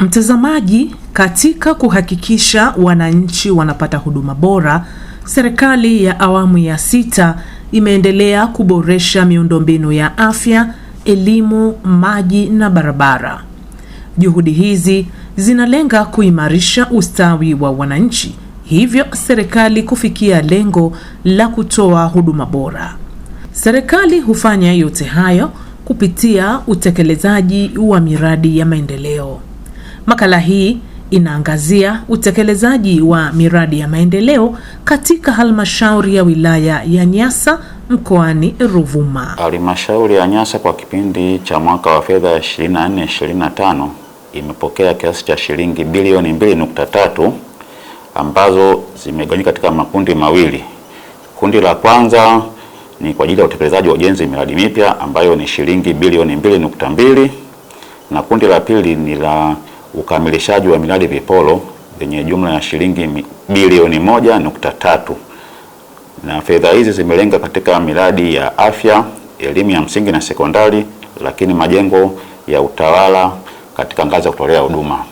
Mtazamaji, katika kuhakikisha wananchi wanapata huduma bora, serikali ya awamu ya sita imeendelea kuboresha miundombinu ya afya, elimu, maji na barabara. Juhudi hizi zinalenga kuimarisha ustawi wa wananchi, hivyo serikali kufikia lengo la kutoa huduma bora. Serikali hufanya yote hayo kupitia utekelezaji wa miradi ya maendeleo. Makala hii inaangazia utekelezaji wa miradi ya maendeleo katika halmashauri ya wilaya ya Nyasa mkoani Ruvuma. Halmashauri ya Nyasa kwa kipindi cha mwaka wa fedha 24 25 imepokea kiasi cha shilingi bilioni 2.3 ambazo zimegawanyika katika makundi mawili. Kundi la kwanza ni kwa ajili ya utekelezaji wa ujenzi miradi mipya ambayo ni shilingi bilioni 2.2 na kundi la pili ni la ukamilishaji wa miradi vipolo yenye jumla ya shilingi bilioni moja nukta tatu na fedha hizi zimelenga katika miradi ya afya, elimu ya msingi na sekondari, lakini majengo ya utawala katika ngazi ya kutolea huduma.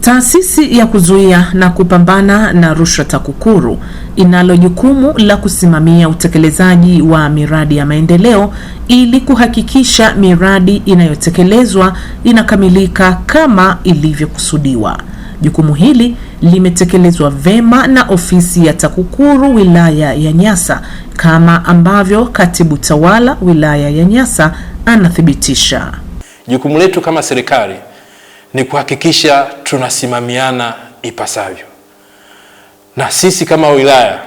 Taasisi ya kuzuia na kupambana na rushwa TAKUKURU inalo jukumu la kusimamia utekelezaji wa miradi ya maendeleo ili kuhakikisha miradi inayotekelezwa inakamilika kama ilivyokusudiwa. Jukumu hili limetekelezwa vema na ofisi ya TAKUKURU wilaya ya Nyasa kama ambavyo katibu tawala wilaya ya Nyasa anathibitisha. Jukumu letu kama serikali ni kuhakikisha tunasimamiana ipasavyo. Na sisi kama wilaya,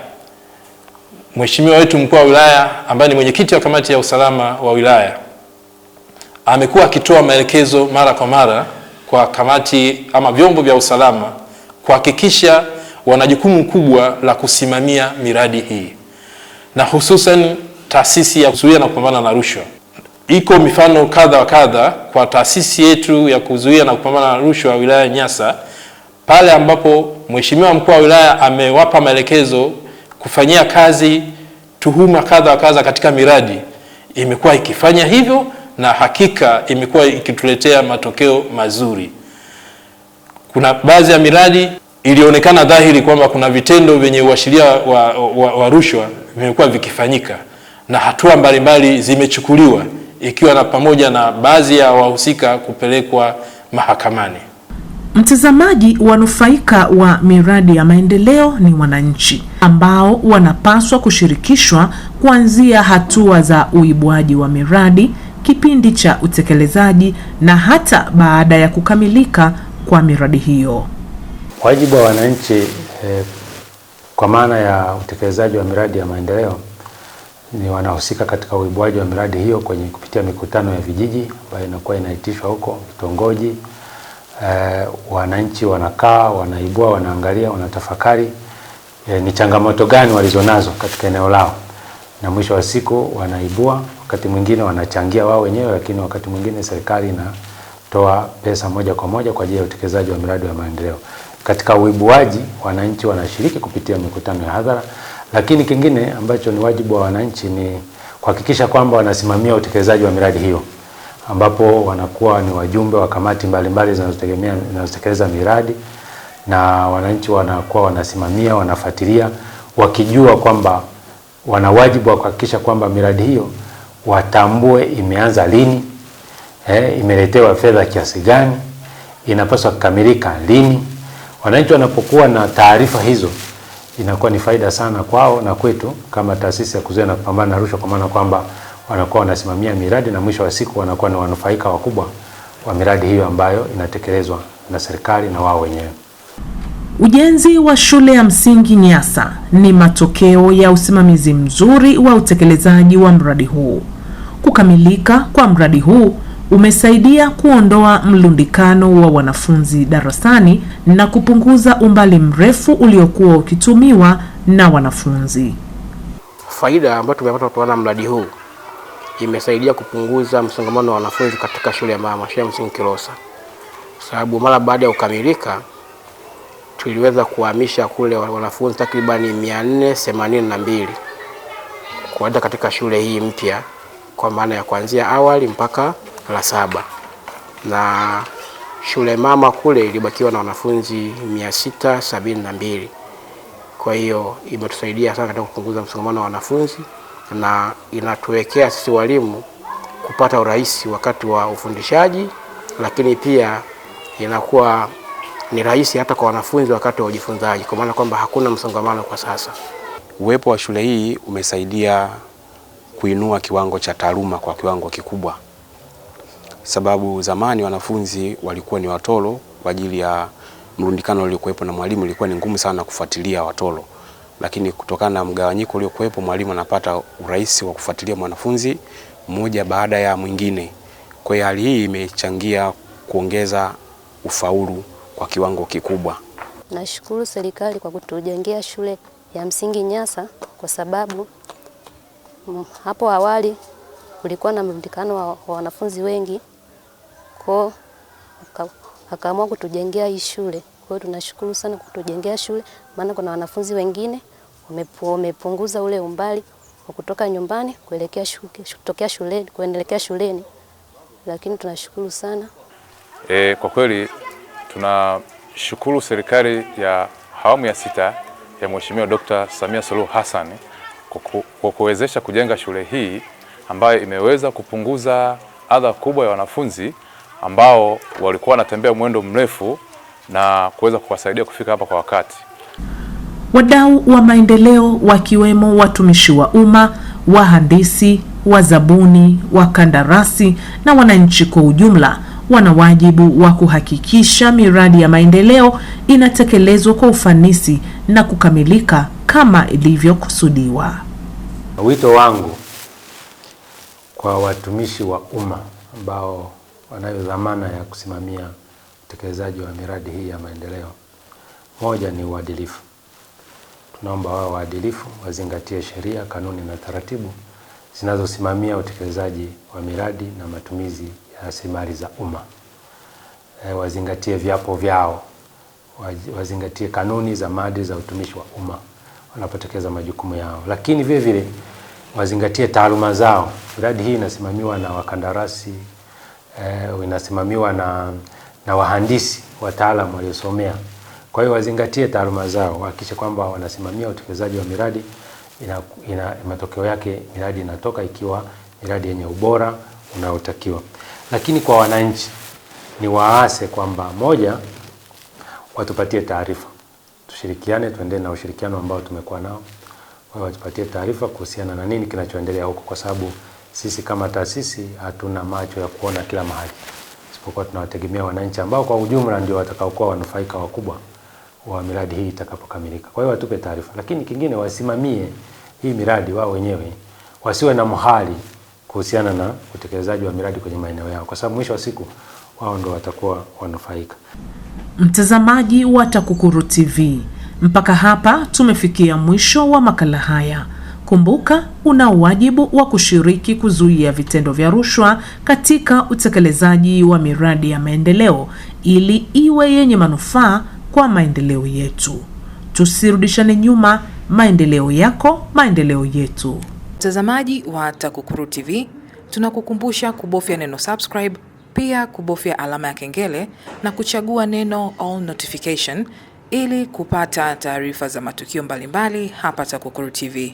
mheshimiwa wetu mkuu wa wilaya ambaye ni mwenyekiti wa kamati ya usalama wa wilaya amekuwa akitoa maelekezo mara kwa mara kwa kamati ama vyombo vya usalama kuhakikisha wana jukumu kubwa la kusimamia miradi hii na hususan taasisi ya kuzuia na kupambana na rushwa iko mifano kadha wa kadha kwa taasisi yetu ya kuzuia na kupambana na rushwa wilaya Nyasa, pale ambapo mheshimiwa mkuu wa wilaya amewapa maelekezo kufanyia kazi tuhuma kadha wa kadha katika miradi, imekuwa ikifanya hivyo na hakika imekuwa ikituletea matokeo mazuri. Kuna baadhi ya miradi ilionekana dhahiri kwamba kuna vitendo vyenye uashiria wa, wa, wa, wa rushwa vimekuwa vikifanyika na hatua mbalimbali zimechukuliwa ikiwa na pamoja na baadhi ya wahusika kupelekwa mahakamani. Mtazamaji, wanufaika wa miradi ya maendeleo ni wananchi ambao wanapaswa kushirikishwa kuanzia hatua za uibuaji wa miradi, kipindi cha utekelezaji na hata baada ya kukamilika kwa miradi hiyo. Wajibu wa wananchi eh, kwa maana ya utekelezaji wa miradi ya maendeleo ni wanahusika katika uibuaji wa miradi hiyo kwenye kupitia mikutano ya vijiji ambayo inakuwa inaitishwa huko vitongoji. E, eh, wananchi wanakaa, wanaibua, wanaangalia, wanatafakari e, ni changamoto gani walizonazo katika eneo lao, na mwisho wa siku wanaibua. Wakati mwingine wanachangia wao wenyewe, lakini wakati mwingine serikali inatoa pesa moja kwa moja kwa ajili ya utekelezaji wa miradi ya maendeleo. Katika uibuaji, wananchi wanashiriki kupitia mikutano ya hadhara lakini kingine ambacho ni wajibu wa wananchi ni kuhakikisha kwamba wanasimamia utekelezaji wa miradi hiyo, ambapo wanakuwa ni wajumbe wa kamati mbalimbali zinazotegemea zinazotekeleza miradi, na wananchi wanakuwa wanasimamia, wanafuatilia, wakijua kwamba wana wajibu wa kuhakikisha kwamba miradi hiyo watambue imeanza lini, eh, imeletewa fedha kiasi gani, inapaswa kukamilika lini. Wananchi wanapokuwa na taarifa hizo inakuwa ni faida sana kwao na kwetu kama taasisi ya kuzuia na kupambana na rushwa, kwa maana kwamba wanakuwa wanasimamia miradi na mwisho wa siku wanakuwa ni wanufaika wakubwa wa miradi hiyo ambayo inatekelezwa na serikali na wao wenyewe. Ujenzi wa shule ya msingi Nyasa ni matokeo ya usimamizi mzuri wa utekelezaji wa mradi huu. Kukamilika kwa mradi huu umesaidia kuondoa mlundikano wa wanafunzi darasani na kupunguza umbali mrefu uliokuwa ukitumiwa na wanafunzi. Faida ambayo tumepata kutokana na mradi huu imesaidia kupunguza msongamano wa wanafunzi katika shule ya mama shule ya msingi Kilosa, sababu mara baada ya kukamilika tuliweza kuhamisha kule wanafunzi takribani mia nne themanini na mbili kuenda katika shule hii mpya, kwa maana ya kuanzia awali mpaka la saba na shule mama kule ilibakiwa na wanafunzi mia sita sabini na mbili. Kwa hiyo imetusaidia sana katika kupunguza msongamano wa wanafunzi na inatuwekea sisi walimu kupata urahisi wakati wa ufundishaji, lakini pia inakuwa ni rahisi hata kwa wanafunzi wakati wa ujifunzaji, kwa maana kwamba hakuna msongamano kwa sasa. Uwepo wa shule hii umesaidia kuinua kiwango cha taaluma kwa kiwango kikubwa sababu zamani wanafunzi walikuwa ni watoro kwa ajili ya mrundikano uliokuwepo na mwalimu, ilikuwa ni ngumu sana kufuatilia watoro, lakini kutokana na mgawanyiko uliokuwepo, mwalimu anapata urahisi wa kufuatilia mwanafunzi mmoja baada ya mwingine. Kwa hiyo hali hii imechangia kuongeza ufaulu kwa kiwango kikubwa. Nashukuru serikali kwa kutujengia shule ya msingi Nyasa kwa sababu hapo awali kulikuwa na mrundikano wa wanafunzi wengi kwao akaamua kutujengea hii shule. Kwa hiyo tunashukuru sana kutujengea shule, maana kuna wanafunzi wengine wamepunguza ule umbali wa kutoka nyumbani kuelekea kutokea shuleni kuendelea shuleni, lakini tunashukuru sana e, kwa kweli tunashukuru serikali ya awamu ya sita ya Mheshimiwa Dkt. Samia Suluhu Hassan kwa kuwezesha kujenga shule hii ambayo imeweza kupunguza adha kubwa ya wanafunzi ambao walikuwa wanatembea mwendo mrefu na kuweza kuwasaidia kufika hapa kwa wakati. Wadau wa maendeleo wakiwemo watumishi wa umma, wahandisi, wazabuni, wakandarasi na wananchi kwa ujumla wana wajibu wa kuhakikisha miradi ya maendeleo inatekelezwa kwa ufanisi na kukamilika kama ilivyokusudiwa. Wito wangu kwa watumishi wa umma ambao wanayo dhamana ya kusimamia utekelezaji wa miradi hii ya maendeleo. Moja ni uadilifu. Tunaomba wao waadilifu wazingatie sheria, kanuni na taratibu zinazosimamia utekelezaji wa miradi na matumizi ya rasilimali za umma. E, wazingatie viapo vyao, wazingatie kanuni za maadili za utumishi wa umma wanapotekeleza majukumu yao, lakini vile vile wazingatie taaluma zao. Miradi hii inasimamiwa na wakandarasi eh, inasimamiwa na, na wahandisi wataalamu waliosomea. Kwa hiyo wazingatie taaluma zao, wahakikishe kwamba wanasimamia utekelezaji wa miradi ina, ina, matokeo yake miradi inatoka ikiwa miradi yenye ubora unaotakiwa. Lakini kwa wananchi ni waase kwamba moja, watupatie taarifa, tushirikiane, tuendee na ushirikiano ambao tumekuwa nao wao, watupatie taarifa kuhusiana na nini kinachoendelea huko, kwa sababu sisi kama taasisi hatuna macho ya kuona kila mahali, isipokuwa tunawategemea wananchi ambao kwa ujumla ndio watakaokuwa wanufaika wakubwa wa miradi hii itakapokamilika. Kwa hiyo watupe taarifa, lakini kingine wasimamie hii miradi wao wenyewe, wasiwe na mhali kuhusiana na utekelezaji wa miradi kwenye maeneo yao, kwa sababu mwisho wa siku wao ndio watakuwa wanufaika. Mtazamaji wa TAKUKURU TV, mpaka hapa tumefikia mwisho wa makala haya. Kumbuka, una wajibu wa kushiriki kuzuia vitendo vya rushwa katika utekelezaji wa miradi ya maendeleo ili iwe yenye manufaa kwa maendeleo yetu. Tusirudishane nyuma, maendeleo yako, maendeleo yetu. Mtazamaji wa TAKUKURU TV, tunakukumbusha kubofya neno subscribe, pia kubofya alama ya kengele na kuchagua neno all notification ili kupata taarifa za matukio mbalimbali hapa TAKUKURU TV.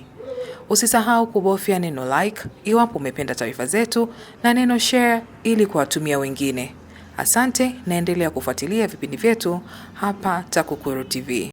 Usisahau kubofya neno like iwapo umependa taarifa zetu na neno share ili kuwatumia wengine. Asante, naendelea kufuatilia vipindi vyetu hapa TAKUKURU TV.